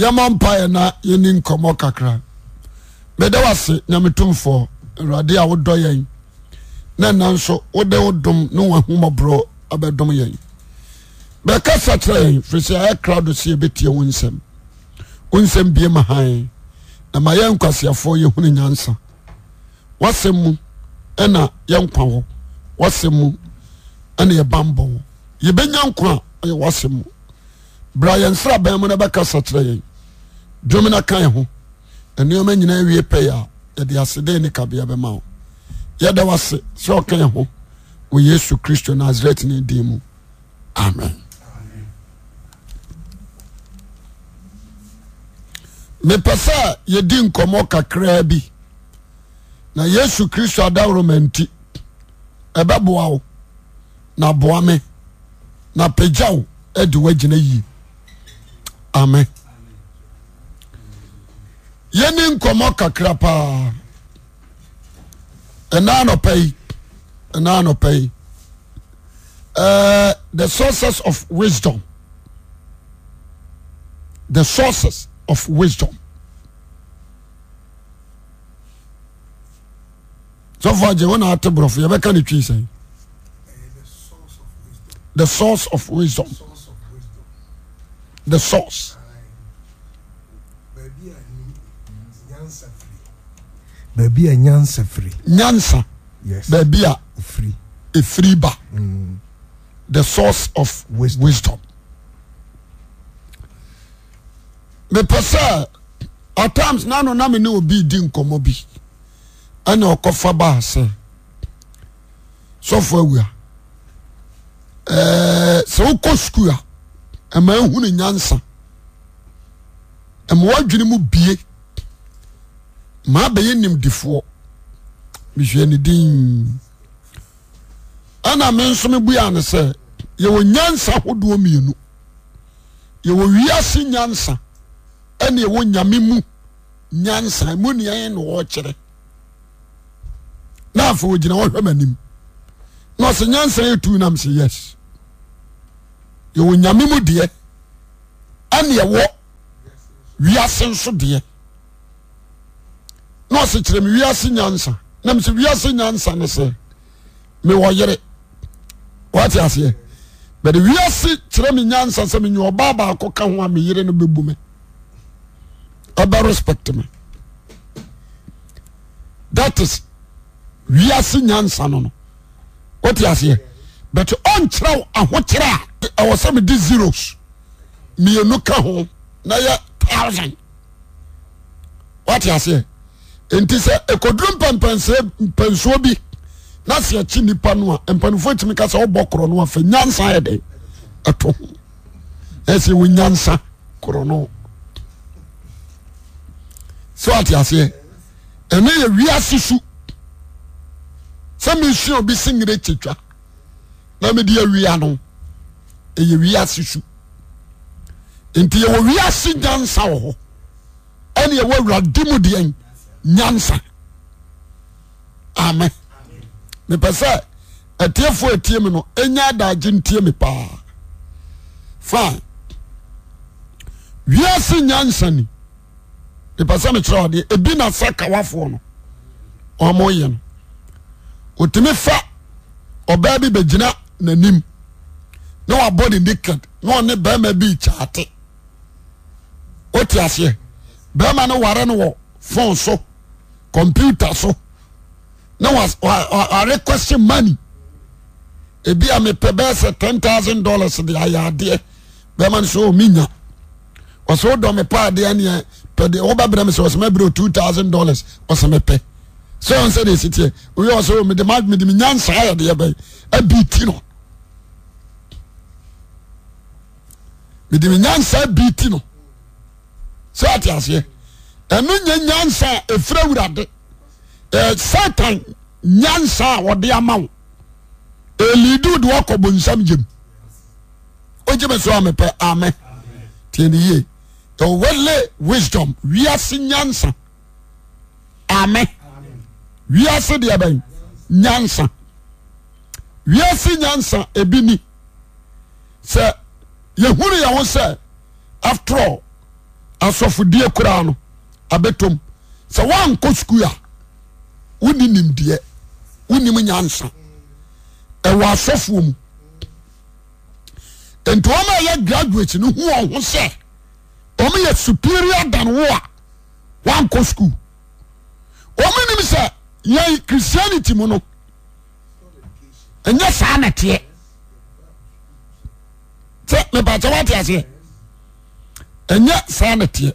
yɛma mpaeɛ na yɛni nkɔmmɔ kakra mɛda wase nyametomfoɔ awurade a wodɔ yɛn na nna nso wode wo dom ne wahomɔborɔ abɛdom yɛn bɛka sa kyerɛ yɛn firi sɛ ayɛ krado sɛ yɛbɛtie wo nsɛm wo nsɛm bie ma han na ma yɛn nkwaseafoɔ yɛhunu nyansa wasɛm mu ɛna yɛnkwa wɔ wasɛm mu ɛna yɛbanbɔ wɔ yɛbɛnya nkwa a ɛyɛ wasɛm mu bra yɛn sra bɛn mu na bɛka sa kyerɛ yɛn dwomno kan ho nnoɔma nyinaa wie pɛi a yɛde aseden ne kabea bɛma wo yɛda wase sɛ ɔka ho wɔ yesu kristo nasaret ne din mu amen mepɛ sɛ yɛdi nkɔmmɔ kakraa bi na yesu kristo adaworoma nti ɛbɛboa wo na boa me na pagya wo adi woagyina yie amen yɛne nkɔmmɔ kakra paa ɛna nɔpɛyi ɛna nɔpɛyi eh, the sources of wisdom the sources of wisdom sɔfo agye wɔn ate borɔfo yɛbɛka ne twi sɛn the source of wisdom the source yansa baabi a ɛfiri ba mm. the source of wisdom mepɛ sɛ attimes na no namene wobi din nkɔmmɔ bi ɛne ɔkɔfa ba sɛ sɛfoɔ wia sɛ wokɔ skooa ama ahune nyansa ma wa adwene mu bie maa bɛyɛ nimdifoɔ mehwɛ ne din ɛna me nso mebua ne sɛ yɛwɔ nyansa hodoɔ mmienu yɛwɔ wiase nyansa ɛne yɛwɔ nyame mu nyansa mu neɛɛ ne wɔkyerɛ na afei wɔgyina wɔhwɛ m'anim na ɔsɛ nyansa yɛtu nam sɛ yes yɛwɔ nyame mu deɛ ɛne yɛwɔ wiase nso deɛ ne sekyerɛme wiase yasa wiase yasa ne sɛ mewɔ yere tseɛ twiase kyerɛme yasa sɛ meyɔba baako ka hoa meyere no bebume ɛbarespectme tats wiase yasa no atseɛ but kyerɛ hokyerɛ wsɛmede zeros min ka ony nti sɛ ɛkoduru mpɛmpɛnsuo bi na sɛ akyi nipa no a mpanimfoɔ tumi ka sɛ no afa nyansa yɛ dɛ ɛto ho ɛsɛ wo nyansa korɔ no sɛ wate aseɛ ɛno yɛ wiase su sɛ mesua obi singire kyetwa na mede awia no ɛyɛ wiase su nti yɛwɔ wiase nyansa wɔ hɔ ɛne yɛwɔ awurade mu deɛn asaame mepɛ sɛ atiefoɔ atiemi no ɛnya dagentieme paa fa wise yansani mipɛ sɛ mekyerɛ wodeɛ ebi na sɛ kawafoɔ no ɔmoyeno ɔtimi fa ɔbaa bi begina nanim ne wabɔde niked ne ɔne barima bicaate otiaseɛ barma ne ware no w fon so computa so ne a requesti money ebia me pe bese ten thousand dollars de aya adeɛ bemane so oh, me nya ose wodo me paaden pd wobe bramese oseme br two thousan dollars smepeeeiyasbt medeminyansa abi te no soati asie ɛno yɛ nyansa eh, a ɛfira wuradesatan nyansa a ɔde amawo ɛliduu de waakɔbonsam gyem ɔgyemesɛ amepɛ ame tineye ɛwele wisdom wiase nyansa ame wiase deɛ bɛn nyansa wiase nyansa ebi ni sɛ yehunu yɛwo sɛ atra asɔfodiɛ koraa no abɛto sɛ woankɔ sukuul a wone nimdeɛ wonim nya nsa ɛwɔ asɔfoɔ mu nti ɔma ɛyɛ graduate no hu ɔ ho sɛ ɔmɛyɛ superior dan wo a woankɔ skuul ɔmenim sɛ ɛ christianity mu no ɛyɛ saa nateɛ oaseɛ ɛyɛ saa nateɛ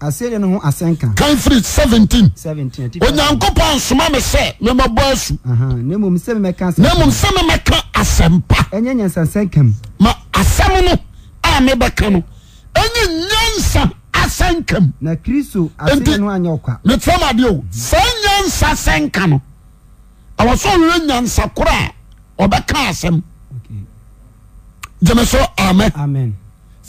asɛnniɛ no ho asɛnkak fri 7 onyankopɔn nsoma me sɛ memabɔ asu mo sɛ meɛka asɛm pa ssam ma asɛm no a mebɛka no ɛnyɛ nyansa asɛnkam na kristyɛ mefamdeo saa nyɛ nsa sɛnka no awɔ sɛ ɔwrɛ nya nsa koraa ɔbɛka asɛm yemɛ so amɛamn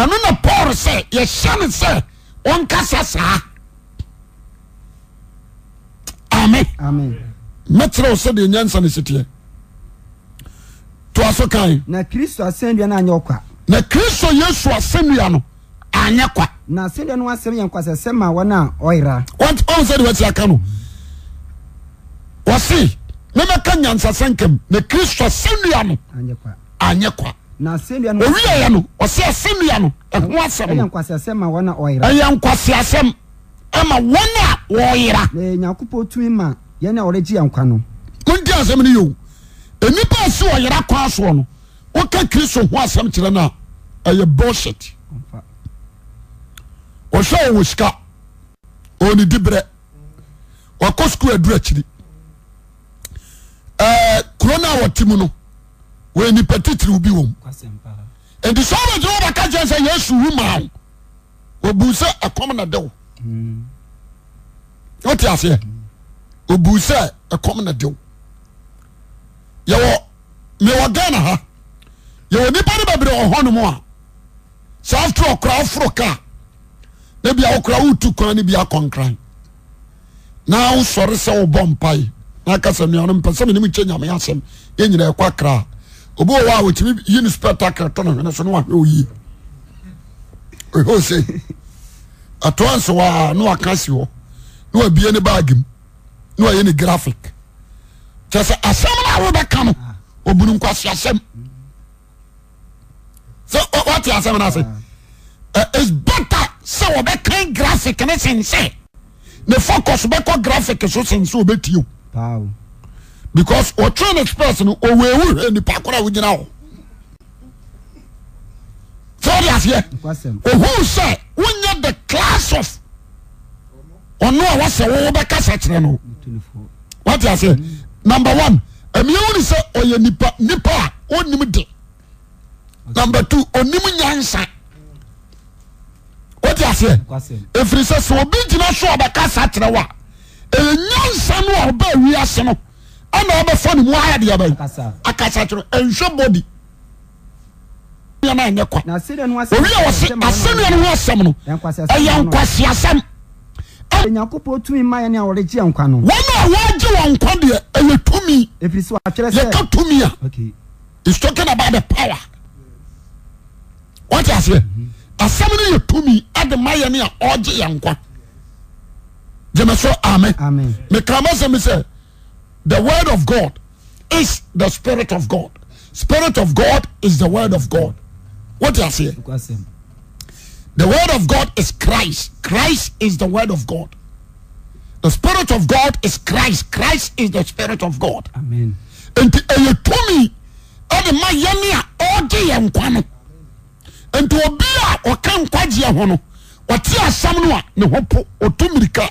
ɛnona paul sɛ yɛhyɛ no sɛ ɔnkasa saa ame mɛterɛ osɛdeɛ nyansa no heteɛ toa so kana kristo yesasadao ayɛ kwasɛdeia se mɛmɛka nyansasɛnkam na kristo asaduano anyɛ kwa owiɛɛ no ɔsesɛnua noyɛnka seasɛm ama wɔne a ɔyeramone asɛm no yo nipa si ɔ yera kwa soɔ no woka kristo ho asɛm kyerɛ no a ɛyɛ bosyɛt ɔhwɛ wwɔ syika ɔne di berɛ wakɔ sku adurakyiri kua n m wei nipa titiri obi wɔm nti sɛ ɔbɛ gyina ɔbɛka kyerɛ sɛ yesu wu maa wo obu sɛ ɛkɔm na dew wote aseɛ obu sɛ ɛkɔm na dew yɛwɔ mewɔ ghana ha yɛwɔ nipa no bɛbrɛ ɔhɔ no mu a saa after ɔkora aforo kaa na bia wokora wotu kwan no bi akɔnkran na wosɔre sɛ wobɔ mpae na akasa nnuanom pɛ sɛ menem kyɛ nyame asɛm yɛ nyina ɛkɔ akraa ɛin sectaclee atans naka si hɔ na wabieno bagm na yɛn grahicɛsɛ asɛ no wobɛkao ɔbus asɛa sɛ wɔbɛka grahic no sensɛ ne ousɛkɔ grahic so sensɛ ɔbɛtio because train express no owó ewu hɛ nipa akora awo gyina hɔ fɔdi aseɛ ohun sɛ wonye the class of ɔno a wasɛ wɔwɔ bɛ kasa kyerɛ no wati aseɛ mm. number one ɛmiɛwu ni sɛ ɔyɛ nipa nipa a onim de number two onim nyansa wati aseɛ efiri sɛ sɛ obi gyina so ɔbɛ kasa kyerɛ wa ɛyɛ nyansa no a ɔbɛ wi ɛna ɔbɛfɔ nmudeba akasakyerɛ nhwɛ bɔdinnyɛ kaɔasɛnuan ho asɛm no yɛ nkwase asɛmnawɔgye w nkwa deɛ ɛyɛtmi yɛka tumi a is talkin about he powertaseɛ mhm. asɛm no yɛtmi ade ma yɛne a ɔgye yɛnkwa gyemɛsɛ ame mekramasɛm sɛ The word of God is the spirit of God. Spirit of God is the word of God. What do I say? The word of God is Christ. Christ is the word of God. The spirit of God is Christ. Christ is the spirit of God. Amen. And ɛyɛ tumi ɛde ma yɛn a ɔgye yɛn nkwa no. obi a ɔka nkwagyeɛ ho no, ɔte ne ho po, mirika.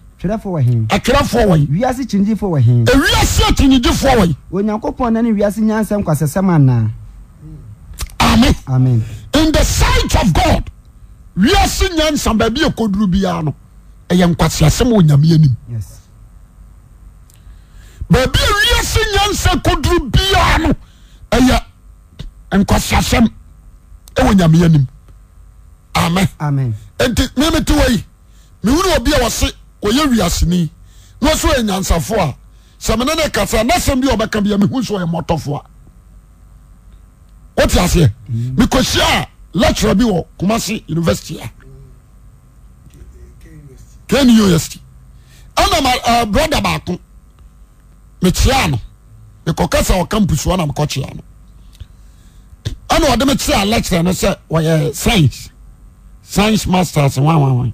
atwerɛfoɔ wiɛwiase akinyigyifoɔw am in the sit of god wiase nyasa baabia kɔduru bia no ɛyɛ nkwaseasɛm ɔnyamanim baabia wiase nyasa kɔduru bia no ɛyɛ nkwaseasɛm wɔ nyamanim am ntimemetewimewuno ɔbia wɔse kɔyɛ wiaseni na so yɛ nyansafo a sɛ mene ne kasa na sɛm bi a ɔbɛka bia mehu so ɔyɛ mmɔtɔfo a wote aseɛ mekɔhyia mm. a lecturer bi wɔ Kumasi university a Kane University ɛna ma broda baako mekyia no mekɔkasa wɔ campus hɔ na mekɔkyia no ɛna ɔde me kyerɛ a lecturer no sɛ wɔyɛ science science masters wanwanwan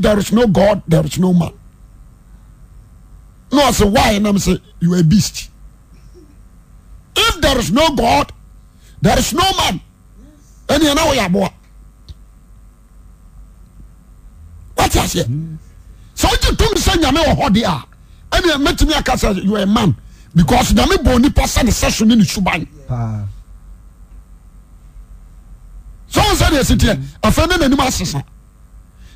thereis no god thereis no man ne ɔsɛ wy nam sɛ youa abeast if there's no god theres no man nana wyɛ aɛ sɛ nyameɔhɔdea matimi akas yoaman because nyame bɔɔ nipa sɛno sesono nesuba as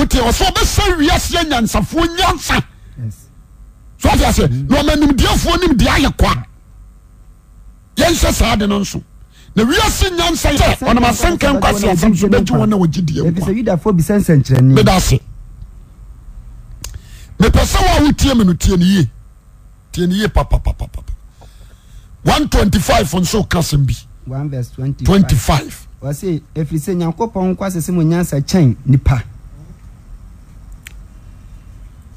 ot sɛɔbɛsɛ wiasea nyansafuɔ nyansa fuɔ ndykaɛ sad oasas5a5yakɔ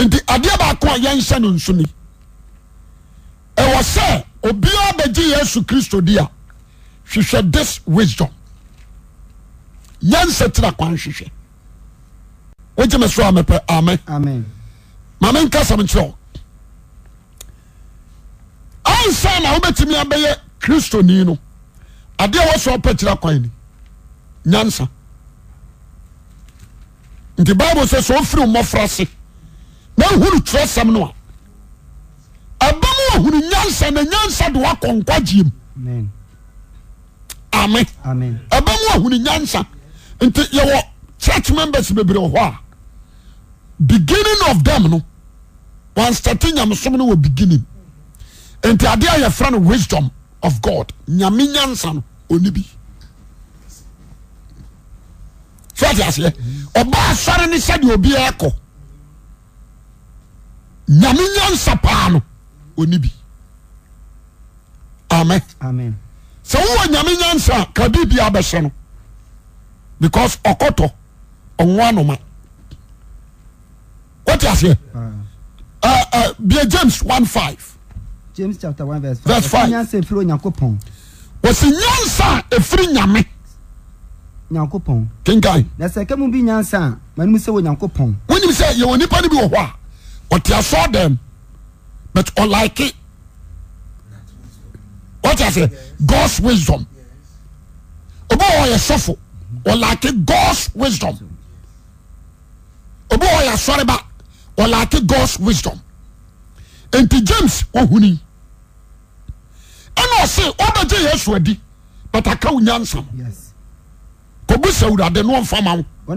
nti adeɛ baako a yɛnhyɛ no nso ni ɛwɔ sɛ obiawa bɛgye yesu kristo di a hwehwɛ dis wisdom nyansatira kwan nhwehwɛ wogye meso a mɛpɛ ame mamenkasamkyerɛ ansana wobɛtumi abɛyɛ kristoni no adeɛwɔ so wpɛ kyira kwan ni nansanbible s sɛfirifse nauutɛ sɛm noa abam hunuansananyansa de waakɔnka gyem amebamuhununyansa nti yɛwɔ church member s bebre wɔ hɔ a beginning of tdem no wanstɛte nyamesom no wɔ begining nti adeɛayɛfra no wisdom of god nyame nyansa no ɔni biɛreɛde nyame nyansa paa no ɔni bi amɛ sɛ wowɔ nyame nyansa a ka biribia bɛhyɛ no because ɔkɔtɔ ɔwo anoma wotiaseɛ ah. eh, eh, bia james 15 james chapter 1 verse 5 verse 5 nyansa efiri onyankopɔn wɔsi nyansa a efiri nyame nyankopɔn kenkan na sɛ kɛmu bi nyansa a manim sɛ wɔ nyankopɔn wonim sɛ yɛwɔ nipa no bi wɔ hɔ a ɔtiasɔ dem but ɔlike watasɛ gos wisdom obɛwɔ yɛ sofo ɔlike gos wisdom obɛwɔ yɛ asɔre ba ɔlike gos wisdom enti jams wohuni ɛneɔse ɔbagye yɛ suadi but aka wonyansam bisa wrade nomfa mawemɛso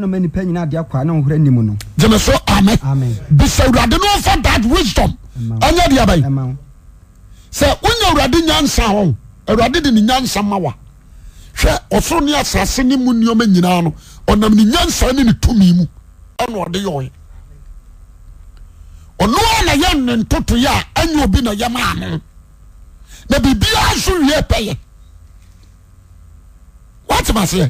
sa wrade nomfa a wisom ɛdea sɛ woya wrade nyansa h urae de ne yasa mawahwɛ ɔsorone asase ne mna yin ɔnamneasa none mu nɔdeyɛ ɔnayɛno ntoɛ ɛbi na yma m na biria soua pɛyɛ temaseɛ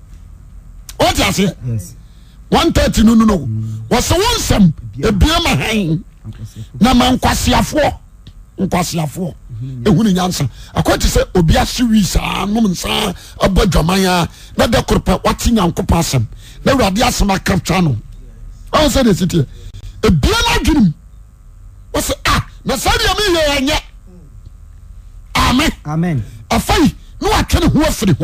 ti aseɛ 30 no nsɛosɛma mafoe asdwaawt nyankoɔsɛ kaadweeɛatwosr o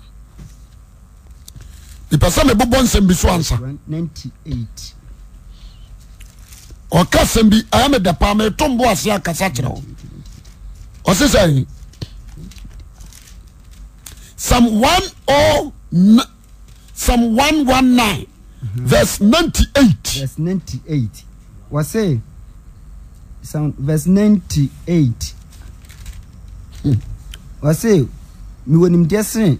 mepɛ sɛ mebobɔ nsɛm bi so ansa ɔka sɛm bi ɛyɛ medɛ paa metombo ase akasa kyerɛ wo ɔse sɛ Psalm 109 Psalm 119 mm-hmm. verse 98 verse 98 wɔse Psalm verse 98 wɔse mewɔ nimdeɛ sene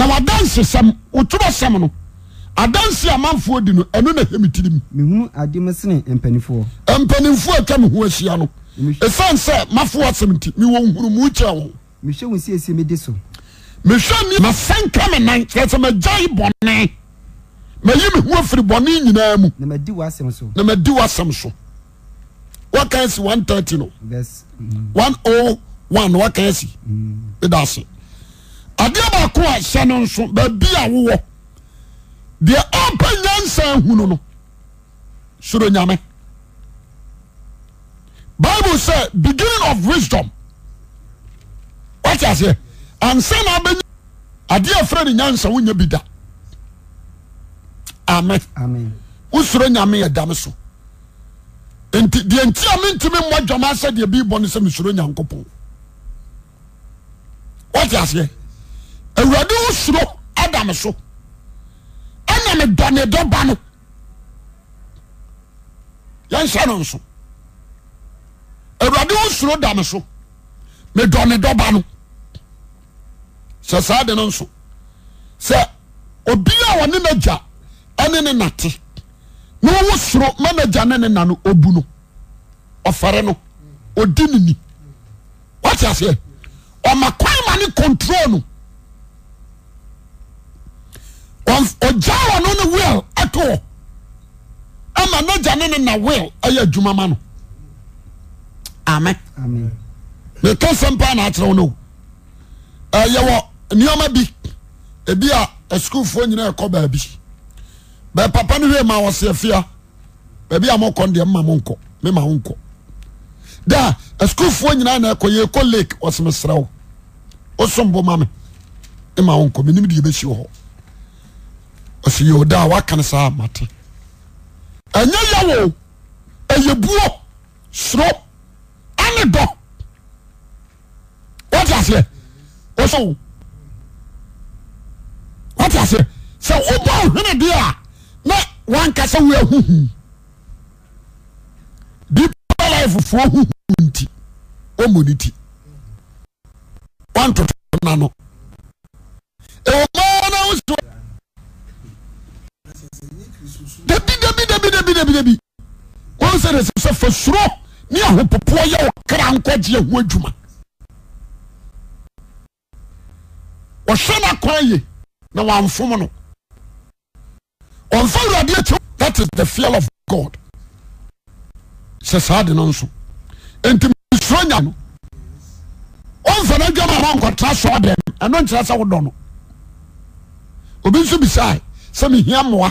na wadanse sam, wotwerɛ sɛm no Adansi amanfoɔ di no ɛno na hemi tirim mu ade me sene mpanimfoɔ mpanimfoɔ atwa me ho ahyia no ɛsiane sɛ mafoɔ asɛm nti mewɔ nhunumu kyerɛ wo mehwɛ wo siesie mede so mehwɛ ni masanka me nan kyerɛ sɛ magyae bɔne mayi me ho afiri bɔne nyinaa mu na madi w'asɛm so na madi w'asɛm so wakan si 130 no mm. One oh wakan si ɛda mm. ase adeɛ baako a sɛno nso baabi a wowɔ deɛ ɔpɛ nyansan ahu nu no suronyame bible sɛ beginning of wisdom wtaseɛ ansanaɛ adeɛ afrɛ de nyansa woya bida ame wosuro nyameɛdam so nti deɛ ntia mentumi mmɔ dwama sɛ deɛ birbɔ ne sɛ mesuro nyankopɔntaseɛ awurade wo suro adam so ɛna medɔ ne dɔ ba no yɛnhyɛ no nso awurade wo suro dam so medɔ ne dɔba no sɛ saa de no nso sɛ obia wɔne n'agya ɛne ne nate na wɔwo soro managya ne ne na no ɔbu no ɔfɛre no ɔdi ne ni wate aseɛ ɔma kwan ma ne no ɔgya wɔno no wel ɛtoɔ ama n'agya ne ne na wel ɛyɛ adwuma ma no amen meka sɛm paa naakyerɛ wo no o nneɔma bi ebi a asukuufoɔ nyina ɛkɔ baabi bɛ papa no hwɛ ma efi afia baabi a mokɔ deɛ mma monkɔ mema wo nkɔ da asukuufoɔ nyinaa na ɛkɔ yɛkɔ lake wo wosombo ma me ma wo nkɔ menim deɛ wɔ hɔ ɔsɛ yɛ ɔda a waka no saa mate ɛnyɛ yawo ɛyɛ buo soro ane dɔ wɔte aseɛ wɔsɛ wo wɔte aseɛ sɛ wobɔ ɔhene deɛ a na wanka sɛ woahuhu deep life foɔ huhu nti wɔmmɔ ne ti wantoto na no ɛwɔ dabi dabi dabi dabi dabi dabi wọn sẹ de sẹ fẹ ní ahopopoɔ yẹ wọ kra nkɔgye adwuma wɔhwɛ no ye na wɔamfom no ɔmfa awurade akyi that is the fear of God sɛ saa de no nso enti mesuro nya no ɔmfa no adwama ma nkɔtra so adɛn ɛno nkyerɛ sɛ wodɔ no obi nso bisae sɛ mehia mmoa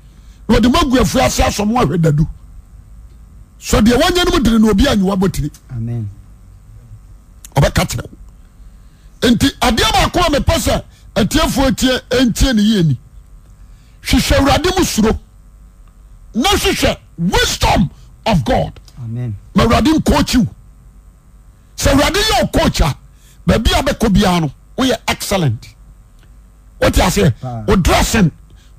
euafuase sda sɛ deɛ yɛnoudenwarɛa erɛ nti adeɛmakoamɛpɛsɛ tifointienyini hwehwɛ awurade mu suro na hwehwɛ wisdom of god mawurade nkokyi sɛ wurade yɛkoki a baabiabɛkɔ bia no woyɛ excellent wotias o dressn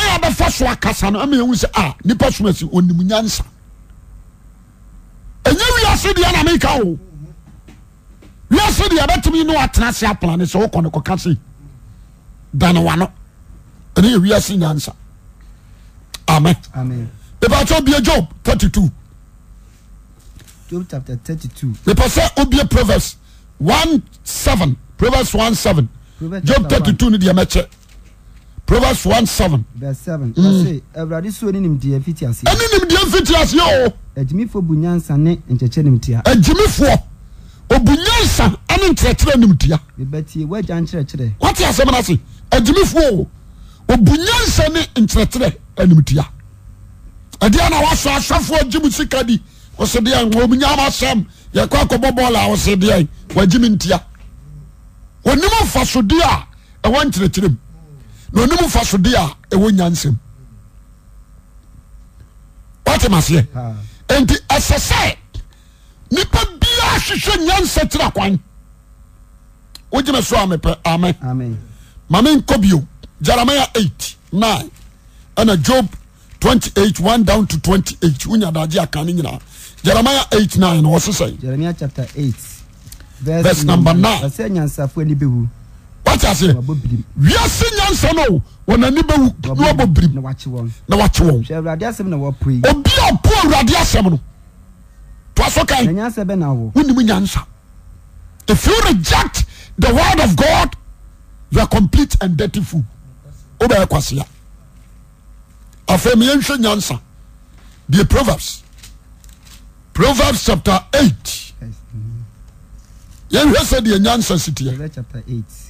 bɛfaskasaɛɛb ah, job 32 epsɛ obi proverse provese b 32 kɛ proverbs one seven. verse seven ɔsi mm. awurade suo ni nimdeɛ fiti aseɛ. ɛni nimdeɛ fiti aseɛ o. ejimifo bu nyansa ne nkyɛkyɛ nimtia. ejimifoɔ obu nyansa ɛne nkyerɛkyerɛ nimtia. bibɛti wagya nkyerɛkyerɛ. wate asɛm na se ejimifoɔ o obu nyansa ne nkyerɛkyerɛ nimtia. ɛdeɛ na wasɔ asɔfoɔ gyi mu sika di wɔsi deɛ wɔn mu nyaama asɛm yɛkɔ akɔbɔ bɔɔla a wɔsi deɛ wɔgyi mu ntia. onim afasodeɛ a ɛwɔ nkyerɛkyerɛ mu. nm fa sodeɛ a ɛwɔ nyansɛm watmasɛ nti ɛsɛ sɛ nipa bia hwehwɛ nyasɛtera kwan wogyeme so amepɛ ame ma menkɔ bio jeremia 89 ɛna job 28128woyada i rma 89nssɛ9 wati ase wiase nyansa no wɔnani bɛwu na wabɔ birim na wakye wɔn obi a ɔpo awurade asɛm no to aso kan wonim nyansa if you reject the word of God you are complete and dirty fool wobɛyɛ kwasea afei meyɛnhwɛ nyansa The proverbs proverbs chapter 8 mm-hmm. yɛnhwɛ sɛ deɛ nyansa siteɛ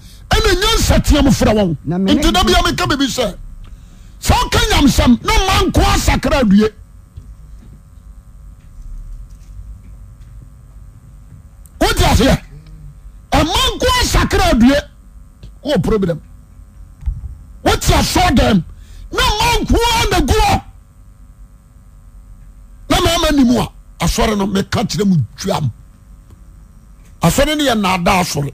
nenya nsa team frɛwɔnti na biamekɛ bebi sɛ sɛ woka nyamsɛm ne mankoa sakra adue wotiasɛ amankoa sakara adue wowɔ probrem woti asɔ dem ne mankoaa nagɔ na maama nimu a asɔre no meka kyerɛ mu duam asɔre no yɛ nada asore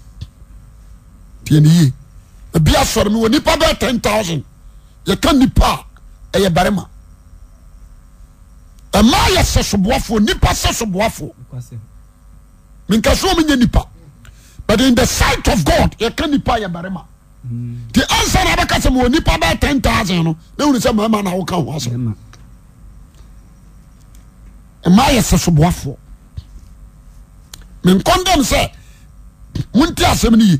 yenye biasorem nipa bɛ te tousd yka nipa yɛermam yɛ se suafnpa se suaf yepafemyɛ se suboaf e se isɛne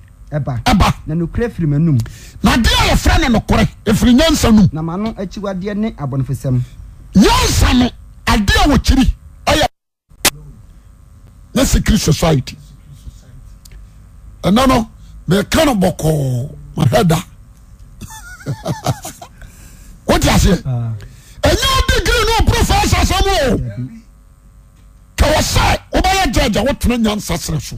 na ade ayɛfrɛ no nokorɛ ɛfirinyansa no nyansa no adea wɔ kyiri ayɛ ne sikri society ɛna no meɛka no bɔkɔɔ mahada wotiaseɛ ah. ɛdegre noprofɛsasɛmo kɛɔsae wobɛyɛ gyagya wotena nyansa serɛ so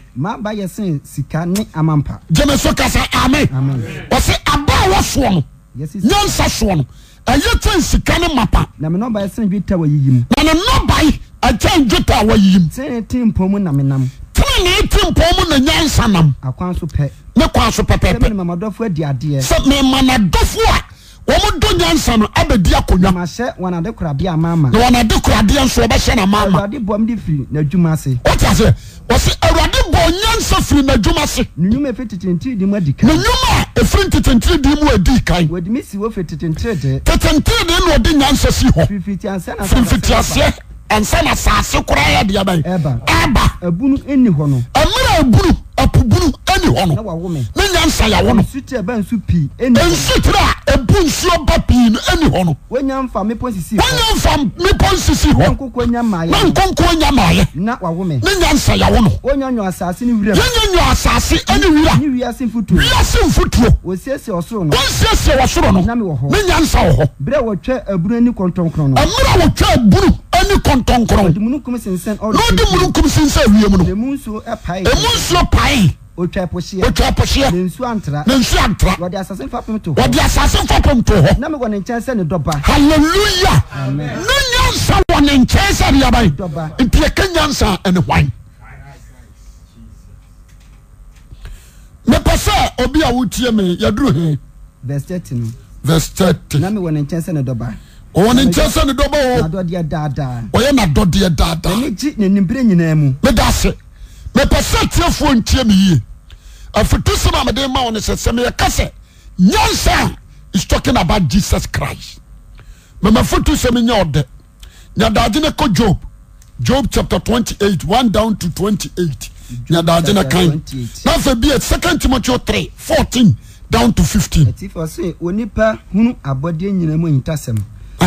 ma ba yɛ sɛ sika ne amampa. jẹ́mi kasa ame. ọ̀sẹ̀ abá a wọ́sọ̀ no nyansa sọ̀ no ẹ̀yẹ e tẹ̀ sika ne mapa. na mi nọba yẹ sẹ́ni bi tẹ wọ na mi nọba yi ẹ̀jẹ̀ ju tẹ wọ yiyi mu. tẹ́lẹ̀ na mi nam. tẹ́lẹ̀ tí n pọ̀ mu na nyansa nam. akwanso pẹ. ne kwanso pẹ́pẹ́pẹ́. sẹ́mi ni mamadɔfo di adeɛ. sẹ́mi ni mamadɔfo a wɔn do nyansa no abedi akonnwa. ma hyɛ wɔn ade koradeɛ amaama. na wɔn ade koradeɛ nso ɔbɛhyɛ na amaama. awurade bɔ mu de firi n'adwuma ase. o ti ase wɔsi bɔ nyansa firi n'adwuma ase. nnyuma efi titintiri di mu adi kan. nnyuma efiri titintiri di mu adi kan. wɔdi mi si wofi titintiri de. titintiri de na ɔde nyansa si hɔ. firifiti aseɛ na saseɛ. firifiti aseɛ ansa na saase koraa yɛ deɛ bɛyi. ɛba ebunu enni hɔ no. ɛmira ebunu apuburu ɛni hɔ no ne nyansa yà wɔ no nsu tiri a ebu nsuo ba pii no ɛni hɔ no wɔnyɛ nfa mepɔ nsisi hɔ na nkonko nya maayɛ ne nyansa yà wɔ no wɔnyɛ nyɔ asase ɛni wira wiase mfutuo wɔsiesie ɔsoro no ne nyansa wɔ hɔ ɛmira wɔtwa aburu kontɔnkrna ɔde munu nkm sensɛ imu nom nsuo pɛo ndasase mfa pɔa ne nkɛ sɛaa mpiɛ kɛ nyansa ɛneha mepɛ sɛ ɔbi awotue me yaduro hɛ ve 30 wne nte sɛ ne dɔbɔ ɔyɛ nadɔdeɛ daadaaeds mɛpɛ sɛtiɛfuɔ ntiemeyie ftu sma mede ma wone sɛ sɛ meyɛka sɛ yans jsus chris mmafat sɛm nya ɔd nyadaaen kɔ job jb 2t5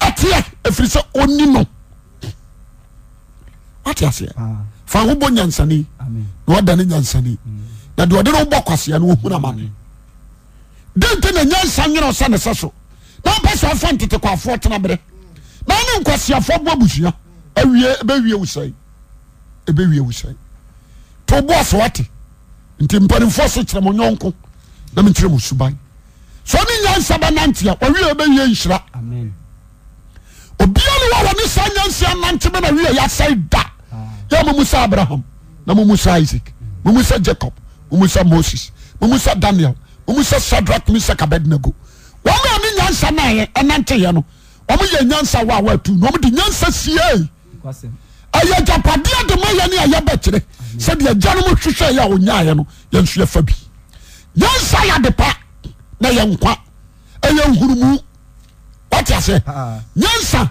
atia afiri sɛ oni no watas aobɔ ah. yasanada asaadeno wbɔ kasiao hu na yasa yerasaeo beie ira awane sa as aemaasɛda mam sa abraham na mom sa isak mom sa jacob mem sa moses sa danie a adaka adnago aaaaaa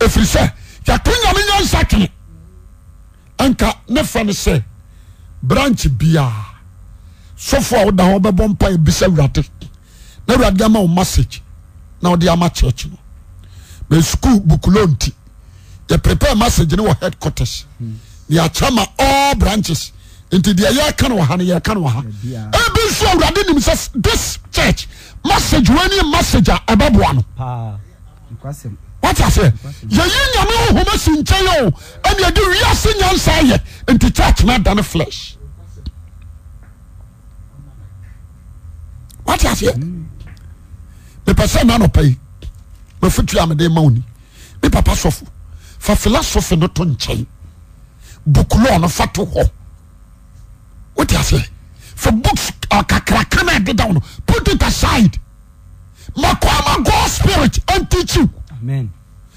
ɛfiri sɛ yato nyame yɛ nsa twene ɛnka ne fa no sɛ branch biaa sɔfo a woda hbɛbɔmpabisa wurade na wurade ɛma o massage na ɔde ama church no mɛsucul buklo nti yɛ prepare massage no wɔ headquarters eyɛchama all branches nti deɛ yɛrkanhyɛanh biso awurade nim sɛ dis church massage 'ani massage a ɛbɛboa no asna fleshpsn fetman mepapasf fa philasopfi no tok bkfathide aoma go spirit ant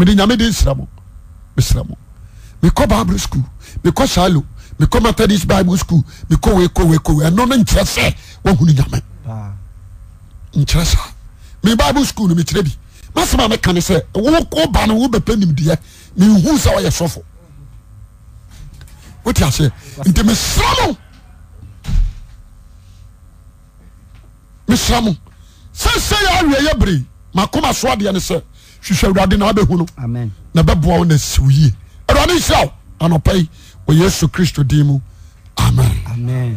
mede nyame de nsira mo mesra mo mekɔ bible school mekɔ mekɔ methodist bible school mekɔ weko, weko, ɛno no nkyerɛ sɛ wahunu nyame nkyerɛ saa me bible school no mekyerɛ bi masɛm meka ne sɛ ba no wobɛpɛ nimdeɛ sɛ wɔyɛ sɔfo wote aseɛ nti mesra mo mesra mo sɛ sɛ yɛ bere makoma soadeɛ ne sɛ hwihwɛ awurade na a bɛhu no na ɛbɛboa wo na siwo yie awura ne hɛwo anɔpɛyi wɔ yesu kristo din mu amen